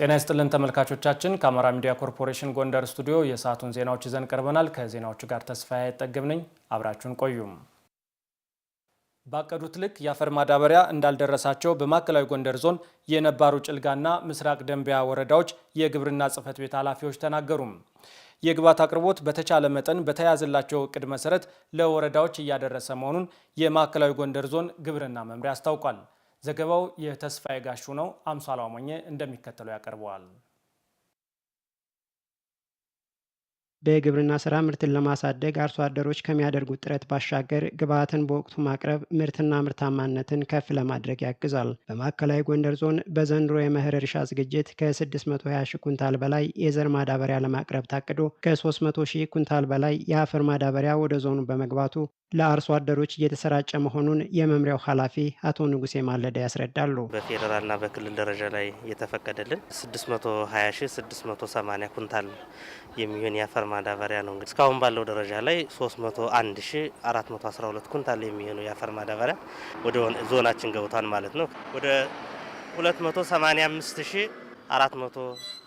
ጤና ይስጥልን ተመልካቾቻችን፣ ከአማራ ሚዲያ ኮርፖሬሽን ጎንደር ስቱዲዮ የሰዓቱን ዜናዎች ይዘን ቀርበናል። ከዜናዎቹ ጋር ተስፋዬ አይጠግብ ነኝ። አብራችሁን ቆዩም። ባቀዱት ልክ የአፈር ማዳበሪያ እንዳልደረሳቸው በማዕከላዊ ጎንደር ዞን የነባሩ ጭልጋና ምስራቅ ደንቢያ ወረዳዎች የግብርና ጽሕፈት ቤት ኃላፊዎች ተናገሩም። የግብዓት አቅርቦት በተቻለ መጠን በተያያዘላቸው እቅድ መሰረት ለወረዳዎች እያደረሰ መሆኑን የማዕከላዊ ጎንደር ዞን ግብርና መምሪያ አስታውቋል። ዘገባው የተስፋዬ ጋሹ ነው። አምሳሉ አሞኘ እንደሚከተለው ያቀርበዋል። በግብርና ስራ ምርትን ለማሳደግ አርሶ አደሮች ከሚያደርጉት ጥረት ባሻገር ግብዓትን በወቅቱ ማቅረብ ምርትና ምርታማነትን ከፍ ለማድረግ ያግዛል። በማዕከላዊ ጎንደር ዞን በዘንድሮ የመኸር እርሻ ዝግጅት ከ620 ሺህ ኩንታል በላይ የዘር ማዳበሪያ ለማቅረብ ታቅዶ ከ300 ሺህ ኩንታል በላይ የአፈር ማዳበሪያ ወደ ዞኑ በመግባቱ ለአርሶ አደሮች እየተሰራጨ መሆኑን የመምሪያው ኃላፊ አቶ ንጉሴ ማለዳ ያስረዳሉ። በፌዴራልና በክልል ደረጃ ላይ የተፈቀደልን 620680 ኩንታል የሚሆን የአፈር ማዳበሪያ ነው። እንግዲህ እስካሁን ባለው ደረጃ ላይ 301412 ኩንታል የሚሆኑ የአፈር ማዳበሪያ ወደ ዞናችን ገብቷል ማለት ነው። ወደ 285400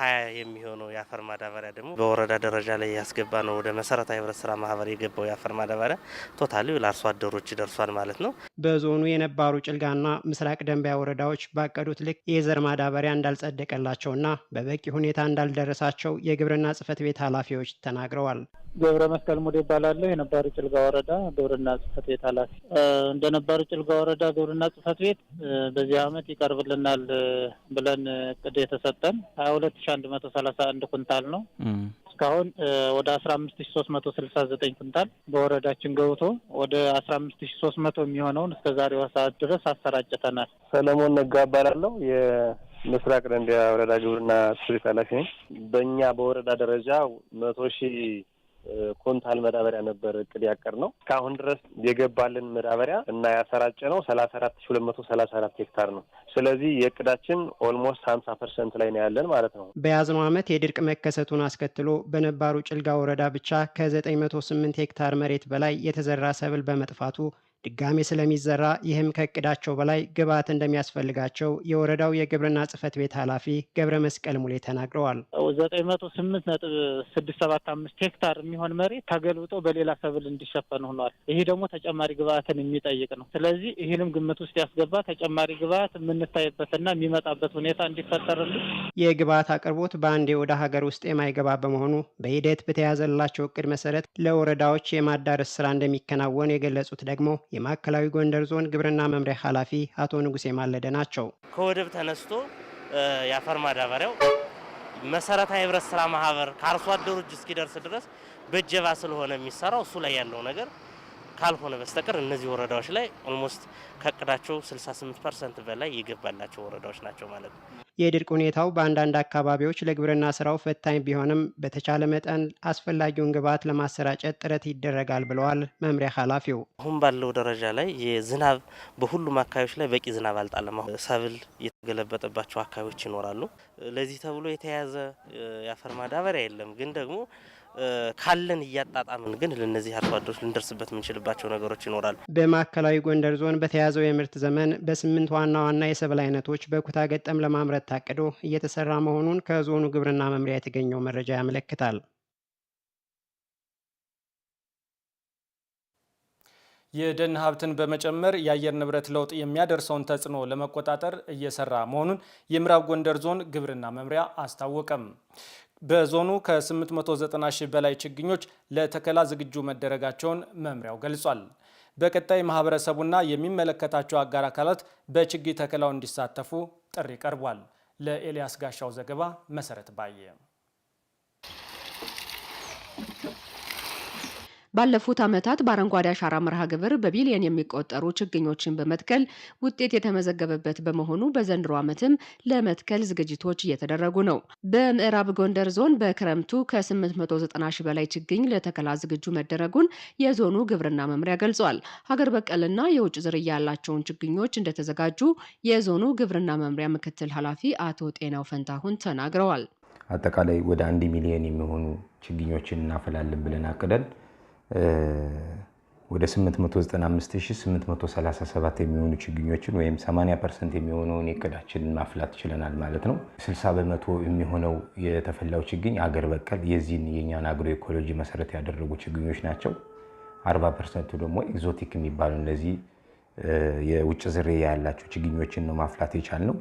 ሀያ የሚሆነው የአፈር ማዳበሪያ ደግሞ በወረዳ ደረጃ ላይ ያስገባ ነው። ወደ መሰረታዊ ህብረት ስራ ማህበር የገባው የአፈር ማዳበሪያ ቶታሊ ለአርሶ አደሮች ደርሷል ማለት ነው። በዞኑ የነባሩ ጭልጋና ምስራቅ ደንቢያ ወረዳዎች ባቀዱት ልክ የዘር ማዳበሪያ እንዳልጸደቀላቸውና በበቂ ሁኔታ እንዳልደረሳቸው የግብርና ጽህፈት ቤት ኃላፊዎች ተናግረዋል። ገብረ መስቀል ሙድ ይባላለሁ። የነባሩ ጭልጋ ወረዳ ግብርና ጽህፈት ቤት ኃላፊ። እንደ ነባሩ ጭልጋ ወረዳ ግብርና ጽህፈት ቤት በዚህ አመት ይቀርብልናል ብለን እቅድ የተሰጠን ሀያ ሁለት ሺ አንድ መቶ ሰላሳ አንድ ኩንታል ነው። እስካሁን ወደ አስራ አምስት ሺ ሶስት መቶ ስልሳ ዘጠኝ ኩንታል በወረዳችን ገብቶ ወደ አስራ አምስት ሺ ሶስት መቶ የሚሆነውን እስከ ዛሬዋ ሰዓት ድረስ አሰራጭተናል። ሰለሞን ነጋ እባላለሁ የምስራቅ ደንዲያ ወረዳ ግብርና ጽህፈት ቤት ኃላፊ ነኝ። በእኛ በወረዳ ደረጃ መቶ ሺህ ኮንታል መዳበሪያ ነበር እቅድ ያቀር ነው። እስካሁን ድረስ የገባልን መዳበሪያ እና ያሰራጨ ነው ሰላሳ አራት ሺ ሁለት መቶ ሰላሳ አራት ሄክታር ነው። ስለዚህ የእቅዳችን ኦልሞስት ሀምሳ ፐርሰንት ላይ ነው ያለን ማለት ነው። በያዝነው ዓመት የድርቅ መከሰቱን አስከትሎ በነባሩ ጭልጋ ወረዳ ብቻ ከዘጠኝ መቶ ስምንት ሄክታር መሬት በላይ የተዘራ ሰብል በመጥፋቱ ድጋሜ ስለሚዘራ ይህም ከእቅዳቸው በላይ ግብዓት እንደሚያስፈልጋቸው የወረዳው የግብርና ጽሕፈት ቤት ኃላፊ ገብረ መስቀል ሙሌ ተናግረዋል። ዘጠኝ መቶ ስምንት ነጥብ ስድስት ሰባት አምስት ሄክታር የሚሆን መሬት ተገልብጦ በሌላ ሰብል እንዲሸፈን ሆኗል። ይሄ ደግሞ ተጨማሪ ግብዓትን የሚጠይቅ ነው። ስለዚህ ይህንም ግምት ውስጥ ያስገባ ተጨማሪ ግብዓት የምንታይበትና የሚመጣበት ሁኔታ እንዲፈጠርልን የግብዓት አቅርቦት በአንዴ ወደ ሀገር ውስጥ የማይገባ በመሆኑ በሂደት በተያዘላቸው እቅድ መሰረት ለወረዳዎች የማዳረስ ስራ እንደሚከናወን የገለጹት ደግሞ የማዕከላዊ ጎንደር ዞን ግብርና መምሪያ ኃላፊ አቶ ንጉሴ ማለደ ናቸው። ከወደብ ተነስቶ የአፈር ማዳበሪያው መሰረታዊ ህብረት ስራ ማህበር ከአርሶ አደሩ እጅ እስኪደርስ ድረስ በጀባ ስለሆነ የሚሰራው እሱ ላይ ያለው ነገር ካልሆነ በስተቀር እነዚህ ወረዳዎች ላይ ኦልሞስት ከእቅዳቸው 68 ፐርሰንት በላይ የገባላቸው ወረዳዎች ናቸው ማለት ነው። የድርቅ ሁኔታው በአንዳንድ አካባቢዎች ለግብርና ስራው ፈታኝ ቢሆንም በተቻለ መጠን አስፈላጊውን ግብዓት ለማሰራጨት ጥረት ይደረጋል ብለዋል መምሪያ ኃላፊው። አሁን ባለው ደረጃ ላይ የዝናብ በሁሉም አካባቢዎች ላይ በቂ ዝናብ አልጣለም። አሁን ሰብል የተገለበጠባቸው አካባቢዎች ይኖራሉ። ለዚህ ተብሎ የተያዘ የአፈር ማዳበሪያ የለም። ግን ደግሞ ካለን እያጣጣምን ግን ለነዚህ አርሶ አደሮች ልንደርስበት የምንችልባቸው ነገሮች ይኖራሉ። በማዕከላዊ ጎንደር ዞን በተያዘው የምርት ዘመን በስምንት ዋና ዋና የሰብል አይነቶች በኩታ ገጠም ለማምረት ለማስፋፋት ታቅዶ እየተሰራ መሆኑን ከዞኑ ግብርና መምሪያ የተገኘው መረጃ ያመለክታል። የደን ሀብትን በመጨመር የአየር ንብረት ለውጥ የሚያደርሰውን ተጽዕኖ ለመቆጣጠር እየሰራ መሆኑን የምዕራብ ጎንደር ዞን ግብርና መምሪያ አስታወቀም። በዞኑ ከ890 ሺህ በላይ ችግኞች ለተከላ ዝግጁ መደረጋቸውን መምሪያው ገልጿል። በቀጣይ ማህበረሰቡና የሚመለከታቸው አጋር አካላት በችግኝ ተከላው እንዲሳተፉ ጥሪ ቀርቧል። ለኤልያስ ጋሻው ዘገባ መሰረት ባየ ባለፉት ዓመታት በአረንጓዴ አሻራ መርሃ ግብር በቢሊየን የሚቆጠሩ ችግኞችን በመትከል ውጤት የተመዘገበበት በመሆኑ በዘንድሮ ዓመትም ለመትከል ዝግጅቶች እየተደረጉ ነው። በምዕራብ ጎንደር ዞን በክረምቱ ከ890 ሺህ በላይ ችግኝ ለተከላ ዝግጁ መደረጉን የዞኑ ግብርና መምሪያ ገልጿል። ሀገር በቀልና የውጭ ዝርያ ያላቸውን ችግኞች እንደተዘጋጁ የዞኑ ግብርና መምሪያ ምክትል ኃላፊ አቶ ጤናው ፈንታሁን ተናግረዋል። አጠቃላይ ወደ አንድ ሚሊዮን የሚሆኑ ችግኞችን እናፈላለን ብለን አቅደን ወደ 895837 የሚሆኑ ችግኞችን ወይም 80 ፐርሰንት የሚሆነውን የእቅዳችንን ማፍላት ችለናል ማለት ነው። 60 በመቶ የሚሆነው የተፈላው ችግኝ አገር በቀል የዚህን የኛን አግሮ ኢኮሎጂ መሰረት ያደረጉ ችግኞች ናቸው። 40 ፐርሰንቱ ደግሞ ኤግዞቲክ የሚባሉ እነዚህ የውጭ ዝርያ ያላቸው ችግኞችን ነው ማፍላት የቻልነው።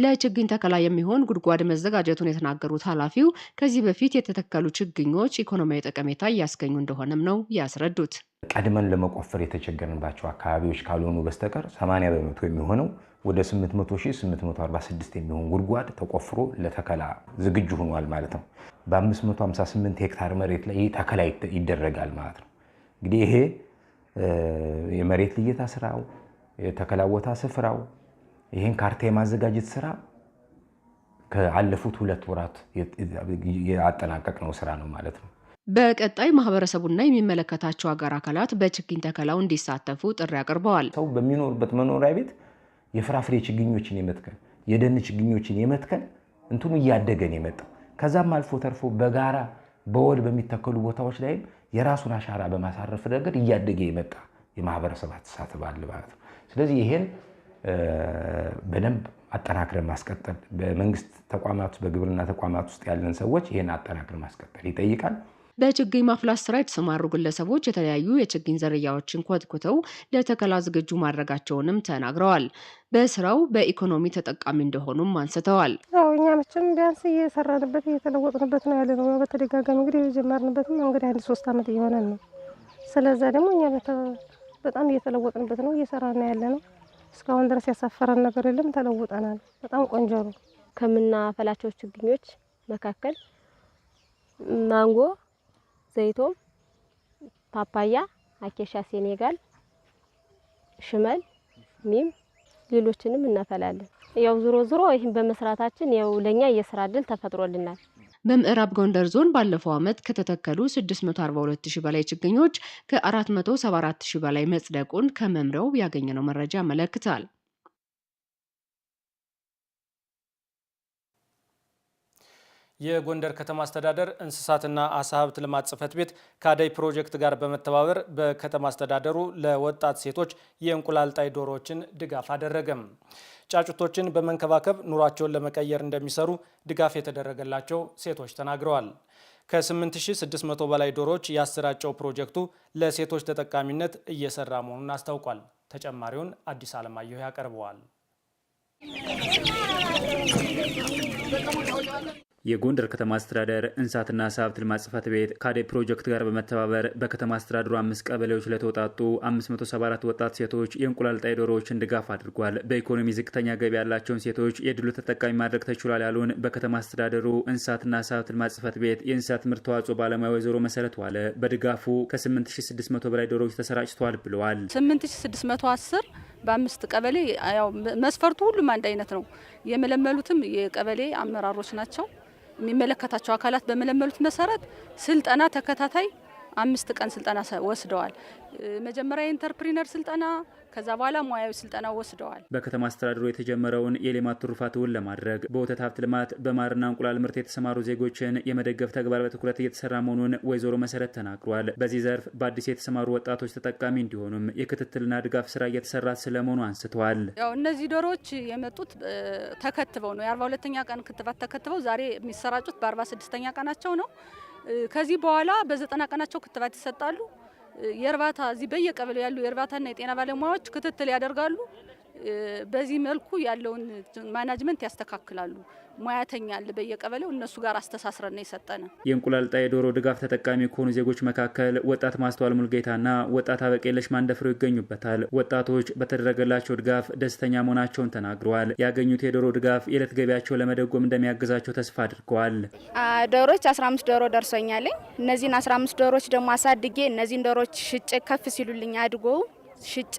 ለችግኝ ተከላ የሚሆን ጉድጓድ መዘጋጀቱን የተናገሩት ኃላፊው ከዚህ በፊት የተተከሉ ችግኞች ኢኮኖሚያዊ ጠቀሜታ እያስገኙ እንደሆነም ነው ያስረዱት። ቀድመን ለመቆፈር የተቸገርንባቸው አካባቢዎች ካልሆኑ በስተቀር 80 በመቶ የሚሆነው ወደ 8846 የሚሆን ጉድጓድ ተቆፍሮ ለተከላ ዝግጁ ሆኗል ማለት ነው። በ558 ሄክታር መሬት ላይ ተከላ ይደረጋል ማለት ነው። እንግዲህ ይሄ የመሬት ልየታ ስራው የተከላ ቦታ ስፍራው ይህን ካርታ የማዘጋጀት ስራ ከአለፉት ሁለት ወራት ያጠናቀቅነው ስራ ነው ማለት ነው። በቀጣይ ማህበረሰቡና የሚመለከታቸው ሀገር አካላት በችግኝ ተከላው እንዲሳተፉ ጥሪ አቅርበዋል። ሰው በሚኖርበት መኖሪያ ቤት የፍራፍሬ ችግኞችን የመትከን የደን ችግኞችን የመትከን እንትኑ እያደገን የመጣው ከዛም አልፎ ተርፎ በጋራ በወል በሚተከሉ ቦታዎች ላይም የራሱን አሻራ በማሳረፍ ረገድ እያደገ የመጣ የማህበረሰብ ተሳትፎ አለ ማለት ነው። ስለዚህ ይሄን በደንብ አጠናክረን ማስቀጠል በመንግስት ተቋማት በግብርና ተቋማት ውስጥ ያለን ሰዎች ይህን አጠናክረን ማስቀጠል ይጠይቃል። በችግኝ ማፍላት ስራ የተሰማሩ ግለሰቦች የተለያዩ የችግኝ ዝርያዎችን ኮትኩተው ለተከላ ዝግጁ ማድረጋቸውንም ተናግረዋል። በስራው በኢኮኖሚ ተጠቃሚ እንደሆኑም አንስተዋል። እኛ መቼም ቢያንስ እየሰራንበት እየተለወጥንበት ነው ያለ ነው። በተደጋጋሚ እንግዲህ የጀመርንበትም እንግዲህ አንድ ሶስት ዓመት እየሆነን ነው። ስለዛ ደግሞ እኛ በጣም እየተለወጥንበት ነው እየሰራን ያለ ነው። እስካሁን ድረስ ያሳፈረን ነገር የለም። ተለውጠናል። በጣም ቆንጆ ነው። ከምናፈላቸው ችግኞች መካከል ማንጎ፣ ዘይቶም፣ ፓፓያ፣ አኬሻ፣ ሴኔጋል፣ ሽመል፣ ሚም ሌሎችንም እናፈላለን። ያው ዝሮ ዝሮ ይህን በመስራታችን ያው ለእኛ የስራ እድል ተፈጥሮልናል። በምዕራብ ጎንደር ዞን ባለፈው ዓመት ከተተከሉ 642 ሺህ በላይ ችግኞች ከ474 ሺህ በላይ መጽደቁን ከመምሪያው ያገኘነው መረጃ ያመለክታል። የጎንደር ከተማ አስተዳደር እንስሳትና አሳ ሀብት ልማት ጽሕፈት ቤት ከአደይ ፕሮጀክት ጋር በመተባበር በከተማ አስተዳደሩ ለወጣት ሴቶች የእንቁላል ጣይ ዶሮዎችን ድጋፍ አደረገም። ጫጩቶችን በመንከባከብ ኑሯቸውን ለመቀየር እንደሚሰሩ ድጋፍ የተደረገላቸው ሴቶች ተናግረዋል። ከ8600 በላይ ዶሮዎች ያሰራጨው ፕሮጀክቱ ለሴቶች ተጠቃሚነት እየሰራ መሆኑን አስታውቋል። ተጨማሪውን አዲስ አለማየሁ ያቀርበዋል። የጎንደር ከተማ አስተዳደር እንስሳትና ዓሳ ሀብት ልማት ጽሕፈት ቤት ካዴ ፕሮጀክት ጋር በመተባበር በከተማ አስተዳደሩ አምስት ቀበሌዎች ለተወጣጡ 574 ወጣት ሴቶች የእንቁላል ጣይ ዶሮዎችን ድጋፍ አድርጓል። በኢኮኖሚ ዝቅተኛ ገቢ ያላቸውን ሴቶች የድሉ ተጠቃሚ ማድረግ ተችሏል ያሉን በከተማ አስተዳደሩ እንስሳትና ዓሳ ሀብት ልማት ጽሕፈት ቤት የእንስሳት ምርት ተዋጽኦ ባለሙያ ወይዘሮ መሰረት ዋለ በድጋፉ ከ8600 በላይ ዶሮዎች ተሰራጭተዋል ብለዋል። 8610 በአምስት ቀበሌ ያው መስፈርቱ ሁሉም አንድ አይነት ነው። የመለመሉትም የቀበሌ አመራሮች ናቸው። የሚመለከታቸው አካላት በመለመሉት መሰረት ስልጠና ተከታታይ አምስት ቀን ስልጠና ወስደዋል። መጀመሪያ የኢንተርፕሪነር ስልጠና ከዛ በኋላ ሙያዊ ስልጠና ወስደዋል። በከተማ አስተዳደሩ የተጀመረውን የሌማት ትሩፋትውን ለማድረግ በወተት ሀብት ልማት በማርና እንቁላል ምርት የተሰማሩ ዜጎችን የመደገፍ ተግባር በትኩረት እየተሰራ መሆኑን ወይዘሮ መሰረት ተናግሯል። በዚህ ዘርፍ በአዲስ የተሰማሩ ወጣቶች ተጠቃሚ እንዲሆኑም የክትትልና ድጋፍ ስራ እየተሰራ ስለመሆኑ አንስተዋል። ያው እነዚህ ዶሮዎች የመጡት ተከትበው ነው። የአርባ ሁለተኛ ቀን ክትባት ተከትበው ዛሬ የሚሰራጩት በአርባ ስድስተኛ ቀናቸው ነው። ከዚህ በኋላ በዘጠና ቀናቸው ክትባት ይሰጣሉ። የእርባታ እዚህ በየቀበሌው ያሉ የእርባታና የጤና ባለሙያዎች ክትትል ያደርጋሉ። በዚህ መልኩ ያለውን ማናጅመንት ያስተካክላሉ። ሙያተኛ አለ በየቀበሌው እነሱ ጋር አስተሳስረን የሰጠነ የእንቁላል ጣይ ዶሮ ድጋፍ ተጠቃሚ ከሆኑ ዜጎች መካከል ወጣት ማስተዋል ሙልጌታና ወጣት አበቄለሽ ማንደፍረው ይገኙበታል። ወጣቶች በተደረገላቸው ድጋፍ ደስተኛ መሆናቸውን ተናግረዋል። ያገኙት የዶሮ ድጋፍ የዕለት ገቢያቸው ለመደጎም እንደሚያግዛቸው ተስፋ አድርገዋል። ዶሮች 15 ዶሮ ደርሶኛለኝ። እነዚህን 15 ዶሮች ደግሞ አሳድጌ እነዚህን ዶሮች ሽጬ ከፍ ሲሉልኝ አድጎው ሽጨ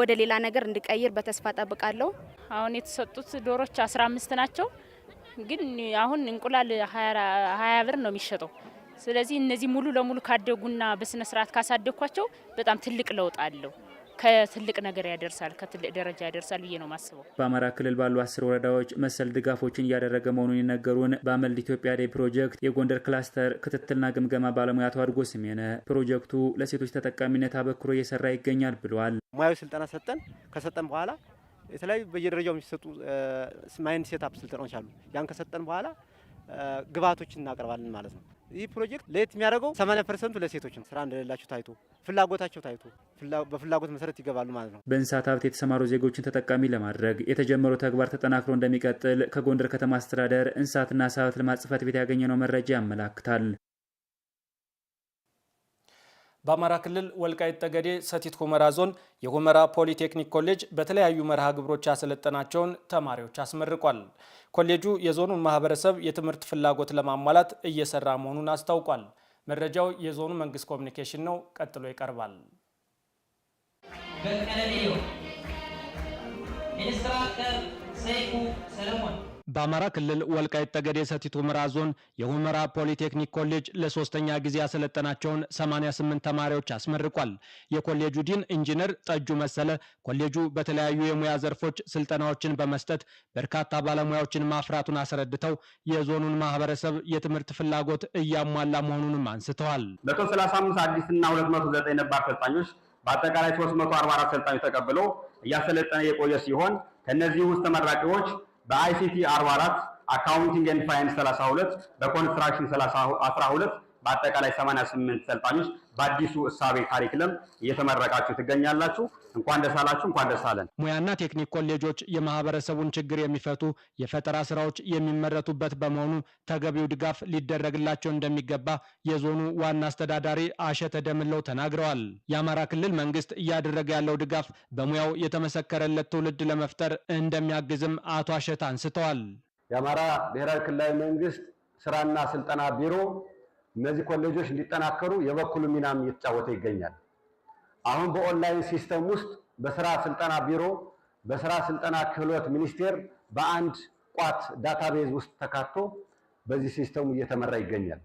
ወደ ሌላ ነገር እንድቀይር በተስፋ ጠብቃለሁ። አሁን የተሰጡት ዶሮች 15 ናቸው፣ ግን አሁን እንቁላል 20 ብር ነው የሚሸጠው። ስለዚህ እነዚህ ሙሉ ለሙሉ ካደጉና በስነስርዓት ካሳደግኳቸው በጣም ትልቅ ለውጥ አለው። ከትልቅ ነገር ያደርሳል፣ ከትልቅ ደረጃ ያደርሳል ብዬ ነው ማስበው። በአማራ ክልል ባሉ አስር ወረዳዎች መሰል ድጋፎችን እያደረገ መሆኑን የነገሩን በአመልድ ኢትዮጵያ ዴይ ፕሮጀክት የጎንደር ክላስተር ክትትልና ግምገማ ባለሙያ አቶ አድጎ ስሜነ ፕሮጀክቱ ለሴቶች ተጠቃሚነት አበክሮ እየሰራ ይገኛል ብለዋል። ሙያዊ ስልጠና ሰጠን። ከሰጠን በኋላ የተለያዩ በየደረጃው የሚሰጡ ማይንድ ሴት አፕ ስልጠናዎች አሉ። ያን ከሰጠን በኋላ ግብአቶችን እናቀርባለን ማለት ነው። ይህ ፕሮጀክት ለየት የሚያደርገው 80 ፐርሰንቱ ለሴቶች ነው። ስራ እንደሌላቸው ታይቶ ፍላጎታቸው ታይቶ በፍላጎት መሰረት ይገባሉ ማለት ነው። በእንስሳት ሀብት የተሰማሩ ዜጎችን ተጠቃሚ ለማድረግ የተጀመረው ተግባር ተጠናክሮ እንደሚቀጥል ከጎንደር ከተማ አስተዳደር እንስሳትና ዓሳ ሀብት ልማት ጽሕፈት ቤት ያገኘነው መረጃ ያመላክታል። በአማራ ክልል ወልቃይት ጠገዴ ሰቲት ሁመራ ዞን የሁመራ ፖሊቴክኒክ ኮሌጅ በተለያዩ መርሃ ግብሮች ያሰለጠናቸውን ተማሪዎች አስመርቋል። ኮሌጁ የዞኑን ማህበረሰብ የትምህርት ፍላጎት ለማሟላት እየሰራ መሆኑን አስታውቋል። መረጃው የዞኑ መንግስት ኮሚኒኬሽን ነው፣ ቀጥሎ ይቀርባል። በቀለሜዮ ኢንስትራክተር ሰይፉ ሰለሞን በአማራ ክልል ወልቃይት ጠገዴ ሰቲት ሁመራ ዞን የሁመራ ፖሊቴክኒክ ኮሌጅ ለሶስተኛ ጊዜ ያሰለጠናቸውን 88 ተማሪዎች አስመርቋል። የኮሌጁ ዲን ኢንጂነር ጠጁ መሰለ ኮሌጁ በተለያዩ የሙያ ዘርፎች ስልጠናዎችን በመስጠት በርካታ ባለሙያዎችን ማፍራቱን አስረድተው የዞኑን ማህበረሰብ የትምህርት ፍላጎት እያሟላ መሆኑንም አንስተዋል። 135 አዲስ 209 ነባር ሰልጣኞች በአጠቃላይ 344 ሰልጣኞች ተቀብሎ እያሰለጠነ የቆየ ሲሆን ከእነዚህ ውስጥ ተመራቂዎች በአይሲቲ 44 አካውንቲንግ ኤንድ ፋይናንስ 32 በኮንስትራክሽን 12 በአጠቃላይ 88 ሰልጣኞች በአዲሱ እሳቤ ካሪክለም እየተመረቃችሁ ትገኛላችሁ። እንኳን ደስ አላችሁ፣ እንኳን ደስ አለን። ሙያና ቴክኒክ ኮሌጆች የማህበረሰቡን ችግር የሚፈቱ የፈጠራ ስራዎች የሚመረቱበት በመሆኑ ተገቢው ድጋፍ ሊደረግላቸው እንደሚገባ የዞኑ ዋና አስተዳዳሪ አሸተ ደምለው ተናግረዋል። የአማራ ክልል መንግስት እያደረገ ያለው ድጋፍ በሙያው የተመሰከረለት ትውልድ ለመፍጠር እንደሚያግዝም አቶ አሸተ አንስተዋል። የአማራ ብሔራዊ ክልላዊ መንግስት ስራና ስልጠና ቢሮ እነዚህ ኮሌጆች እንዲጠናከሩ የበኩሉ ሚናም እየተጫወተ ይገኛል። አሁን በኦንላይን ሲስተም ውስጥ በስራ ስልጠና ቢሮ፣ በስራ ስልጠና ክህሎት ሚኒስቴር በአንድ ቋት ዳታቤዝ ውስጥ ተካቶ በዚህ ሲስተሙ እየተመራ ይገኛል።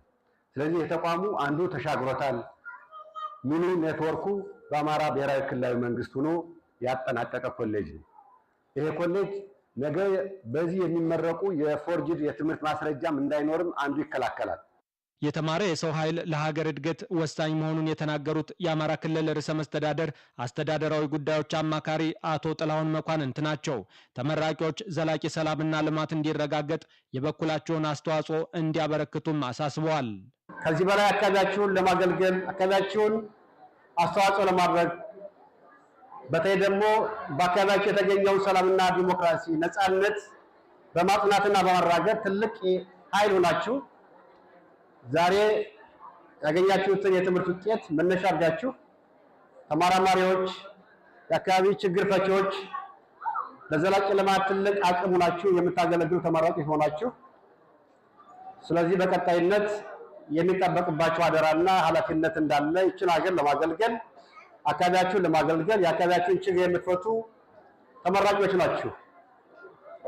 ስለዚህ የተቋሙ አንዱ ተሻግሮታል። ሚኒ ኔትወርኩ በአማራ ብሔራዊ ክልላዊ መንግስት ሆኖ ያጠናቀቀ ኮሌጅ ነው። ይሄ ኮሌጅ ነገ በዚህ የሚመረቁ የፎርጅድ የትምህርት ማስረጃም እንዳይኖርም አንዱ ይከላከላል። የተማረ የሰው ኃይል ለሀገር እድገት ወሳኝ መሆኑን የተናገሩት የአማራ ክልል ርዕሰ መስተዳደር አስተዳደራዊ ጉዳዮች አማካሪ አቶ ጥላሁን መኳንንት ናቸው። ተመራቂዎች ዘላቂ ሰላምና ልማት እንዲረጋገጥ የበኩላቸውን አስተዋጽኦ እንዲያበረክቱም አሳስበዋል። ከዚህ በላይ አካባቢያችሁን ለማገልገል አካባቢያችሁን አስተዋጽኦ ለማድረግ በተለይ ደግሞ በአካባቢያቸው የተገኘውን ሰላምና ዲሞክራሲ ነጻነት በማጽናትና በማራገር ትልቅ ኃይል ሆናችሁ ዛሬ ያገኛችሁትን የትምህርት ውጤት መነሻ አድርጋችሁ ተመራማሪዎች፣ የአካባቢ ችግር ፈቺዎች፣ በዘላቂ ልማት ትልቅ አቅም ሆናችሁ የምታገለግሉ ተመራቂ ሆናችሁ ስለዚህ በቀጣይነት የሚጠበቅባቸው አደራና ኃላፊነት እንዳለ ይችን ሀገር ለማገልገል አካባቢያችሁን ለማገልገል የአካባቢያችሁን ችግር የምትፈቱ ተመራቂዎች ናችሁ።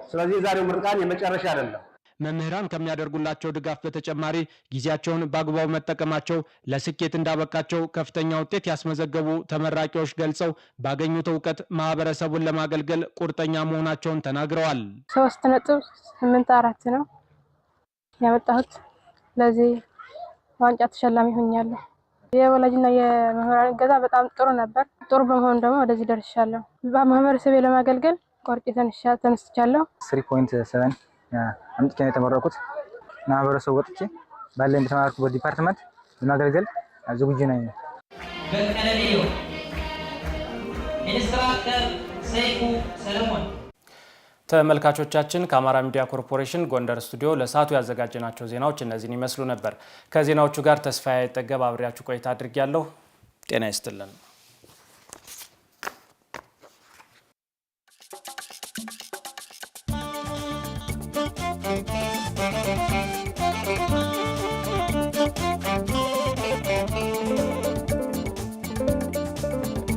ስለዚህ ዛሬው ምርቃን የመጨረሻ አይደለም። መምህራን ከሚያደርጉላቸው ድጋፍ በተጨማሪ ጊዜያቸውን በአግባቡ መጠቀማቸው ለስኬት እንዳበቃቸው ከፍተኛ ውጤት ያስመዘገቡ ተመራቂዎች ገልጸው ባገኙት እውቀት ማህበረሰቡን ለማገልገል ቁርጠኛ መሆናቸውን ተናግረዋል። ሶስት ነጥብ ስምንት አራት ነው ያመጣሁት። ለዚህ ዋንጫ ተሸላሚ ሆኛለሁ። የወላጅና የመምህራን እገዛ በጣም ጥሩ ነበር። ጥሩ በመሆኑ ደግሞ ወደዚህ ደርሻለሁ። በማህበረሰቤ ለማገልገል ቆርጬ ተነስቻለሁ። ስሪ ፖይንት ሰቨን አምጥቼ ነው የተመረኩት። ማህበረሰቡ ወጥቼ ባለኝ በተማርኩበት ዲፓርትመንት ለማገልገል ዝግጁ ነኝ። በቀለሌዮ ኢንስትራክተር ሰይፉ ሰለሞን። ተመልካቾቻችን ከአማራ ሚዲያ ኮርፖሬሽን ጎንደር ስቱዲዮ ለሰዓቱ ያዘጋጀናቸው ዜናዎች እነዚህን ይመስሉ ነበር። ከዜናዎቹ ጋር ተስፋዬ ጠገብ አብሬያችሁ ቆይታ አድርጌያለሁ። ጤና ይስጥልን።